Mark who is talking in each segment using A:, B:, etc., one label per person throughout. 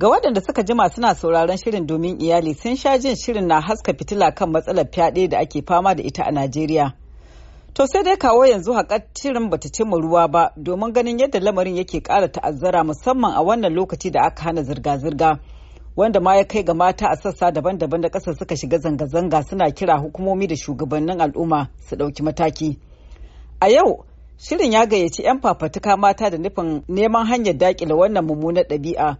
A: Ga waɗanda suka jima suna sauraron shirin domin iyali sun sha jin shirin na haska fitila kan matsalar fyaɗe da ake fama da ita a Najeriya. To sai dai kawo yanzu haƙar shirin bata cimma ruwa ba domin ganin yadda lamarin yake ƙara ta'azzara musamman a wannan lokaci da aka hana zirga-zirga. Wanda ma ya kai ga mata a sassa daban-daban da ƙasar suka shiga zanga-zanga suna kira hukumomi da shugabannin al'umma su ɗauki mataki. A yau, shirin ya gayyaci 'yan fafatuka mata da nufin neman hanyar daƙile wannan mummunar ɗabi'a.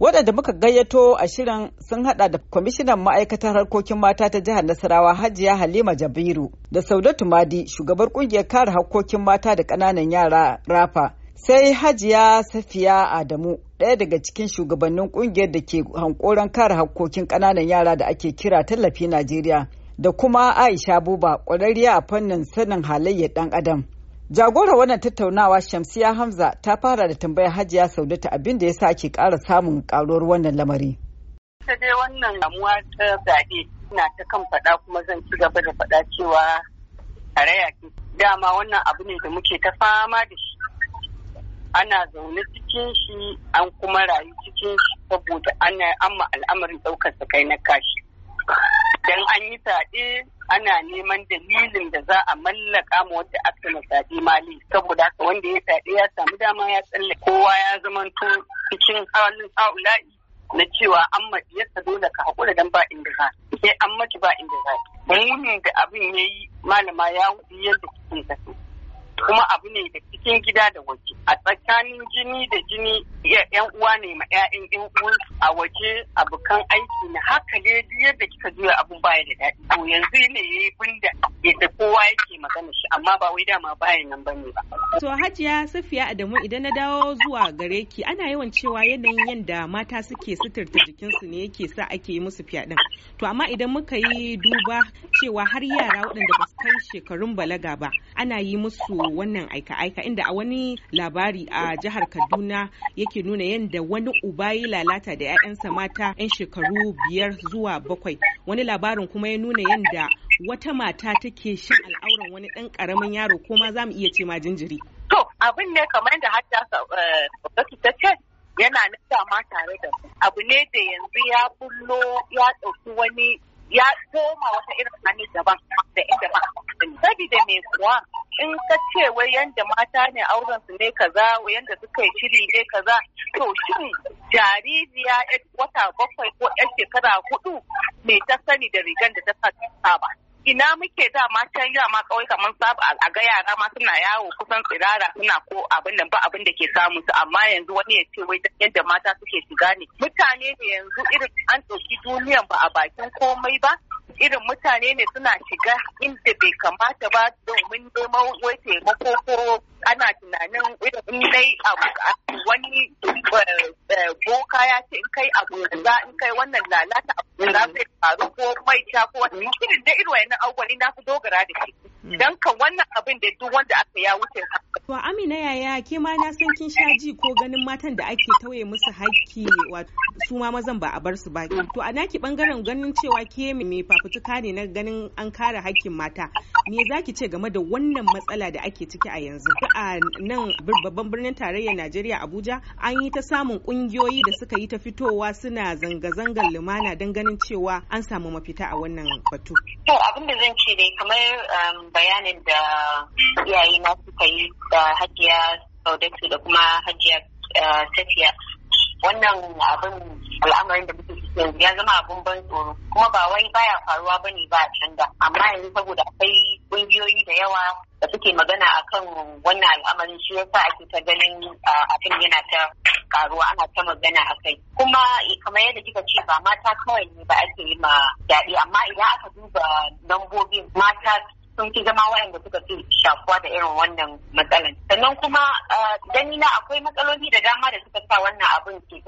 A: Waɗanda muka gayyato a shirin sun haɗa da kwamishinan ma'aikatar harkokin mata ta jihar Nasarawa Hajiya Halima Jabiru da Saudatu Madi shugabar ƙungiyar kare harkokin mata da ƙananan yara Rafa. Sai Hajiya Safiya Adamu ɗaya daga cikin shugabannin ƙungiyar da ke hankoron kare harkokin ƙananan yara da ake kira tallafi Najeriya da kuma Aisha Buba ƙwararriya a fannin sanin halayyar ɗan Adam. Jagora wannan tattaunawa Shamsiya Hamza ta fara da tambayar Hajiya Saudatu abin da ya sa ake ƙara samun ƙaruwar wannan lamari.
B: Ita dai wannan damuwa ta zaɓe na ta kan faɗa kuma zan ci gaba da faɗa cewa karaya ce. Dama wannan abu ne da muke ta fama da shi. Ana zaune cikin shi an kuma rayu cikin shi saboda ana amma al'amarin ɗaukar sa kai na kashi. Dan an yi zaɓe ana neman dalilin da za a mallaka ma wanda aka masaɗi mali saboda haka wanda ya saɗe ya samu dama ya tsalle kowa ya zamanto cikin halin haula'i na cewa an sa dole ka hakura dan ba inda za sai an mace ba inda za munin da abin ya yi malama ya wuce yadda kuke kuma abu ne da cikin gida da waje a tsakanin jini da jini yan uwa ne ma ƴaƴan yan uwa a waje abokan aiki na haka ne yadda kika juya abun baya da daɗi to yanzu ne yayi bunda yadda kowa yake magana shi amma ba wai dama bayan nan bane ba
C: to hajiya safiya adamu idan na dawo zuwa gare ki ana yawan cewa yanayin yadda mata suke suturta jikinsu ne yake sa ake yi musu fyaɗin to amma idan muka yi duba cewa har yara waɗanda ba su kai shekarun balaga ba ana yi musu wannan aika-aika inda a wani labari a jihar Kaduna yake nuna yadda wani uba ya lalata da 'ya'yansa mata 'yan shekaru biyar zuwa bakwai. Wani labarin kuma ya nuna yadda wata mata take shan al'auran wani ɗan karamin yaro ko ma za mu iya ce ma jinjiri. To abin ne kamar da
B: hatta eh, ta ce yana nuna tare da abu ne da yanzu ya bullo ya ɗauki wani ya koma wata irin hannun daban da inda ba Sabida mai kuwa in ka ce wai yanda mata ne auren su ne kaza yanda suka yi shiri ne kaza to shin jaririya wata bakwai ko yan shekara hudu me ta sani da rigan da ta sa ba. ina muke da matan yawa ma kawai kamar sabu a ga yara ma suna yawo kusan tsirara suna ko abin nan ba abin da ke samu su amma yanzu wani ya ce wai yadda mata suke shiga ne mutane ne yanzu irin an ɗauki duniyan ba a bakin komai ba irin mutane ne suna shiga inda bai kamata ba domin neman wai taimako ko ana tunanin na dai abu wani eh, eh, boka ya ce in kai abu za in kai wannan lalata abu za mm. zai faru ko mai ta ko wani mutumin da irin wayannan abubuwan na fi dogara da shi mm. dan kan wannan abin da duk wanda aka ya wuce
C: to Amina yaya ke ma na san kin sha ji ko ganin matan da ake tauye musu haƙƙi wato su ma mazan ba a bar su ba to a naki bangaren ganin cewa ke me fafutuka ne na ganin an kare haƙƙin mata me zaki ce game da wannan matsala da ake ciki a yanzu a nan babban birnin tarayyar Najeriya Abuja an yi ta samun kungiyoyi da suka yi ta fitowa suna zanga-zangar lumana don ganin cewa an samu mafita a wannan batu.
D: To abin da zan ce dai kamar um, bayanin da iyaye na suka yi da hajiya Saudatu da kuma hajiya uh, Safiya wannan abin al'amarin da muke yanzu ya zama abin ban tsoro kuma ba wai baya faruwa bane ba a can amma yanzu saboda akwai kungiyoyi da yawa da suke magana akan wannan al'amarin shi yasa ake ta ganin abin yana ta karuwa ana ta magana akai. kuma kamar yadda kika ce ba mata kawai ne ba ake yi ma daɗi amma idan aka duba lambobin mata sun fi zama waɗanda suka fi shafuwa da irin wannan matsalan sannan kuma ganina akwai matsaloli da dama da suka sa wannan abin ke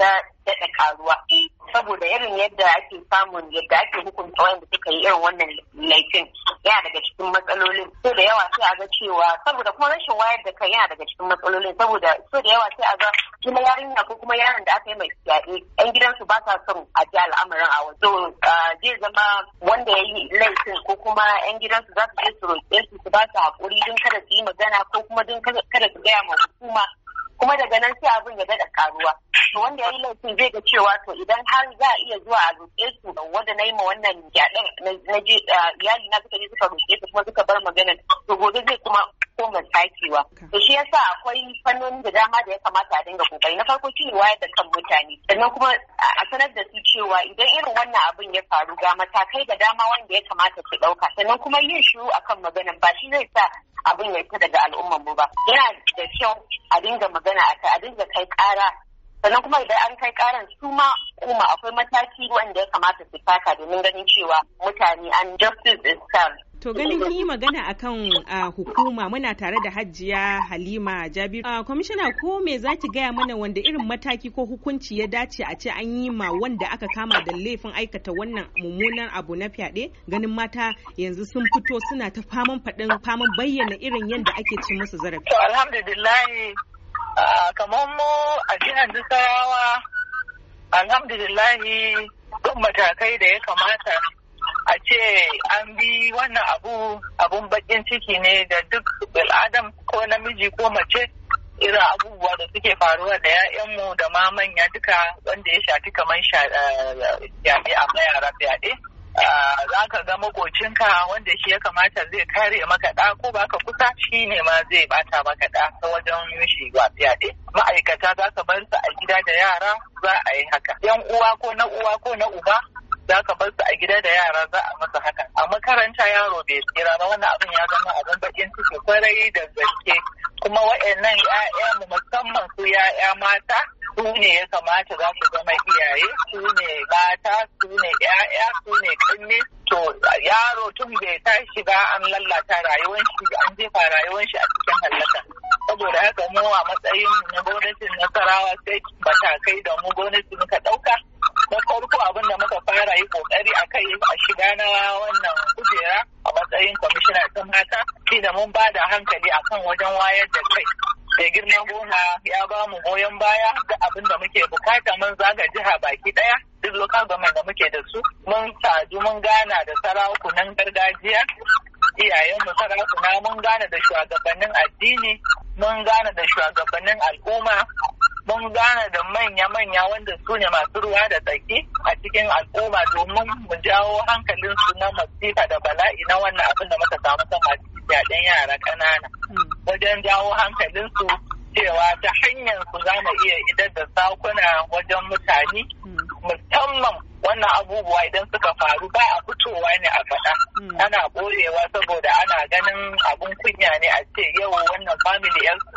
D: daɗa karuwa e, saboda irin yadda ake samun yadda ake hukunta wanda suka yi irin wannan laifin yana daga cikin matsalolin so da yawa sai a ga cewa saboda kuma rashin wayar da kai yana daga cikin matsalolin saboda so da yawa sai a ga kuma yarinya ko kuma yaron da aka yi mai fyaɗe yan gidansu ba sa son a ji al'amarin a wasu zai zama wanda ya yi laifin ko kuma yan gidansu za su je su roƙe su su ba su haƙuri don kada su yi magana ko kuma don kada su gaya ma hukuma kuma daga nan sai abin ya daɗa karuwa to wanda ya yi laifin zai ga cewa to idan har za a iya zuwa a roƙe su wanda na yi ma wannan gyaɗan na je iyali na suka je suka roƙe su kuma suka bar magana to gobe zai kuma koma sakewa to shi yasa akwai fannoni da dama da ya kamata a dinga kokari na farko shine wayar da kan mutane sannan kuma a sanar da su cewa idan irin wannan abin ya faru ga matakai da dama wanda ya kamata su ɗauka sannan kuma yin shiru akan maganar ba shi zai sa abin ya fita daga al'ummar mu ba yana da kyau a dinga magana a dinga kai ƙara sannan kuma idan an kai karin su ma kuma akwai mataki wanda ya kamata su taka domin ganin cewa mutane an justice is served
C: To gani kun yi magana akan uh, hukuma muna tare da hajjiya Halima Jabiru. Kwamishina ko me za ki gaya mana wanda irin mataki ko hukunci ya dace a ce an yi ma wanda aka kama da laifin aikata wannan mummunan abu na fyaɗe ganin mata yanzu sun fito suna ta faman faɗin faman bayyana irin yadda ake ci musu zarafi. To alhamdulillah
E: kamar mu yanzu sarawa alhamdulillahi duk matakai da ya kamata a ce an bi wannan abu abun bakin ciki ne ga duk bil'adam ko namiji ko mace irin abubuwa da suke faruwa da 'ya'yanmu da ma manya duka wanda ya shafi kamar a eh, ma yara fyaɗe. zaka ga makocinka wanda shi ya kamata zai kare maka ɗa ko baka kusa shi ne ma zai bata maka ɗa ta wajen yushi wa fyaɗe ma'aikata za ka bar su a gida da yara za a yi haka yan uwa ko na uwa ko na uba za ka bar su a gida da yara za a masa haka a makaranta yaro bai tsira ba wannan abin ya zama abin bakin ciki kwarai da gaske kuma wa'annan 'ya'ya musamman su 'ya'ya mata su ne ya kamata za su zama iyaye su ne mata su ne 'ya'ya su ne kanne to yaro tun bai tashi ba an lallata rayuwar shi an jefa rayuwar shi a cikin hallaka saboda haka mu a matsayin na gwamnatin nasarawa sai matakai da mu gwamnati muka ɗauka na farko abin da muka fara yi kokari a kai a shiga na wannan kujera a matsayin kwamishina ta mata shi da mun ba da hankali akan wajen wayar da kai mai girman goma ya ba mu goyon baya da abin da muke bukata mun zaga jiha baki daya duk local government da muke da su mun sadu mun gana da sarakunan gargajiya iyayenmu sarakuna mun gana da shugabannin addini mun gana da shugabannin al'umma mun gane da manya-manya wanda su ne masu ruwa da tsaki a cikin al'umma domin mu jawo hankalin su na masifa da bala'i na wannan abin da muka samu masu yaɗen yara ƙanana mm. wajen jawo hankalin su cewa ta hanyar su za mu iya idar da sakuna wajen mutane mm. musamman wannan abubuwa idan suka faru ba a fitowa ne a faɗa mm. ana ɓorewa saboda ana ganin abun kunya ne a ce yau wannan family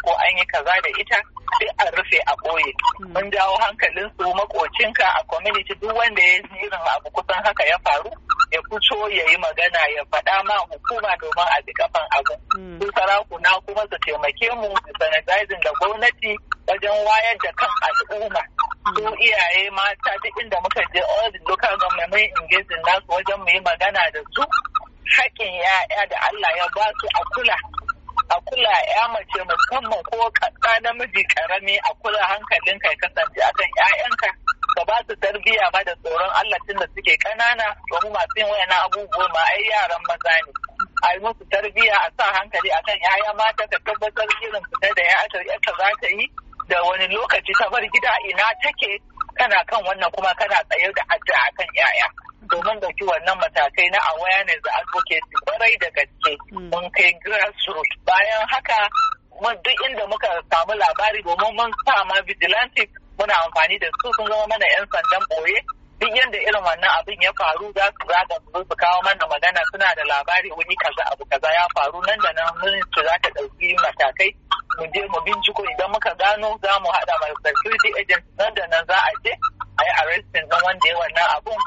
E: ko an yi kaza da ita sai an rufe a ɓoye. Hmm. Mun jawo hankalin su makocinka a community duk wanda ya yi irin abu kusan haka ya faru ya fito ya yi magana ya faɗa ma hukuma domin a bi kafan abu. Hmm. Su sarakuna kuma su taimake mu su sanadizin da gwamnati wajen wayar da kan al'umma. Hmm. Su iyaye mata duk inda muka je all the local government engaging nasu wajen mu yi magana da su. Haƙƙin 'ya'ya da Allah ya ba su a kula a kula ya mace musamman ko kasa namiji karami a kula hankalin kai kasance akan 'ya'yanka ka ba su tarbiyya ba da tsoron Allah tun da suke ƙanana domin masu yin wayannan abubuwa ba ai yaran maza ne a yi musu tarbiyya a sa hankali akan 'ya'ya mata ka tabbatar irin fita da yaka za ta yi da wani lokaci ta bar gida ina take kana kan wannan kuma kana tsaye da addu'a akan 'ya'ya domin da wannan matakai na awareness da advocacy kwarai da gaske hmm. mun kai grassroots bayan haka duk inda muka samu labari domin mun sa ma vigilante muna amfani da su sun zama mana yan sandan boye duk yadda irin wannan abin ya faru za su zaga su su kawo mana magana suna da labari wani kaza abu kaza ya faru nan da nan mun ci za ta ɗauki matakai mu je mu binciko idan muka gano za mu haɗa mai security agent nan da nan za a je a yi arrestin ɗan wanda ya wannan abun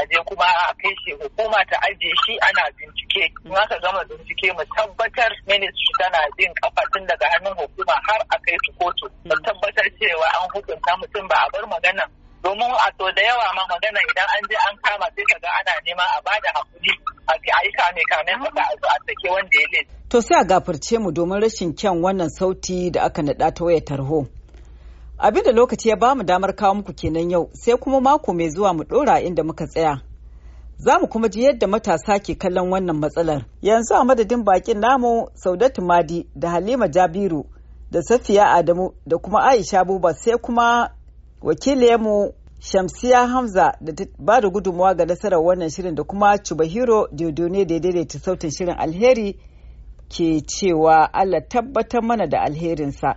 E: Aje kuma a kai shi hukuma ta ajiye shi ana bincike in aka gama bincike mu tabbatar ministry tana bin kafa tun daga hannun hukuma har a kai su kotu mu tabbatar cewa an hukunta mutum ba a bar magana domin a to da yawa ma magana idan an je an kama sai kaga ana nema a bada hakuri a yi kame kame haka a zo a sake wanda
A: ya laifi. To sai a gafarce mu domin rashin kyan wannan sauti da aka naɗa ta wayar tarho. Abin da lokaci ya ba mu damar kawo muku kenan yau sai kuma mako mai zuwa mu ɗora inda muka tsaya. Za mu kuma ji yadda matasa ke kallon wannan matsalar. Yanzu a madadin bakin namu Saudatu Madi da Halima Jabiru da Safiya Adamu da kuma Aisha Buba sai kuma wakilinmu Shamsiya Hamza da ba da gudunmuwa ga nasarar wannan shirin da kuma Chubahiro Diodone da ya daidaita sautin shirin alheri ke cewa Allah tabbatar mana da alherinsa.